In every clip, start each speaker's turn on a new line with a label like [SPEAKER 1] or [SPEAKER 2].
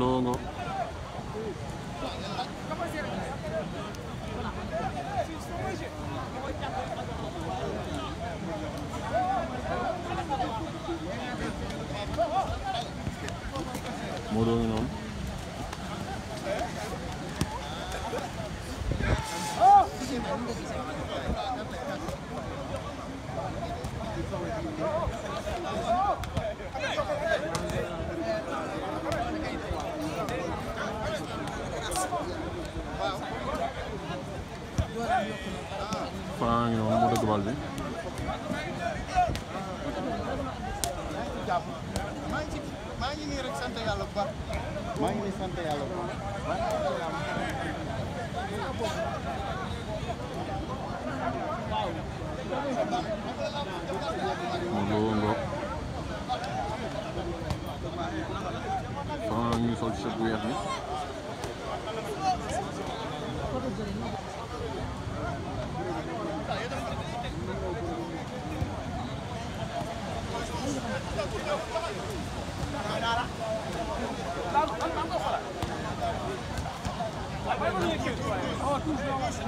[SPEAKER 1] longo moo doon noonu bal bi maa ngi nii rek sant maa ngi nii sant yàlla bu baax Modou Lo ngoog Franc ñu sol ci bu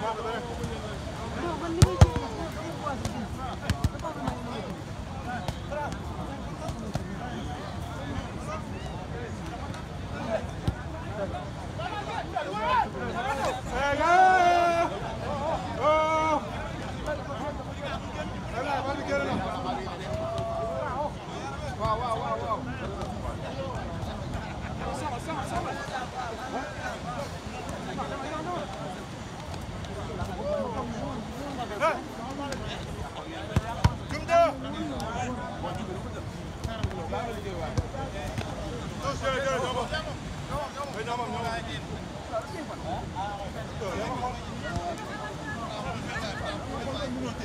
[SPEAKER 1] man li muy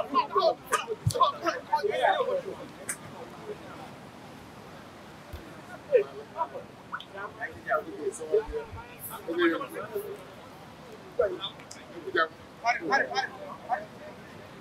[SPEAKER 1] Okay.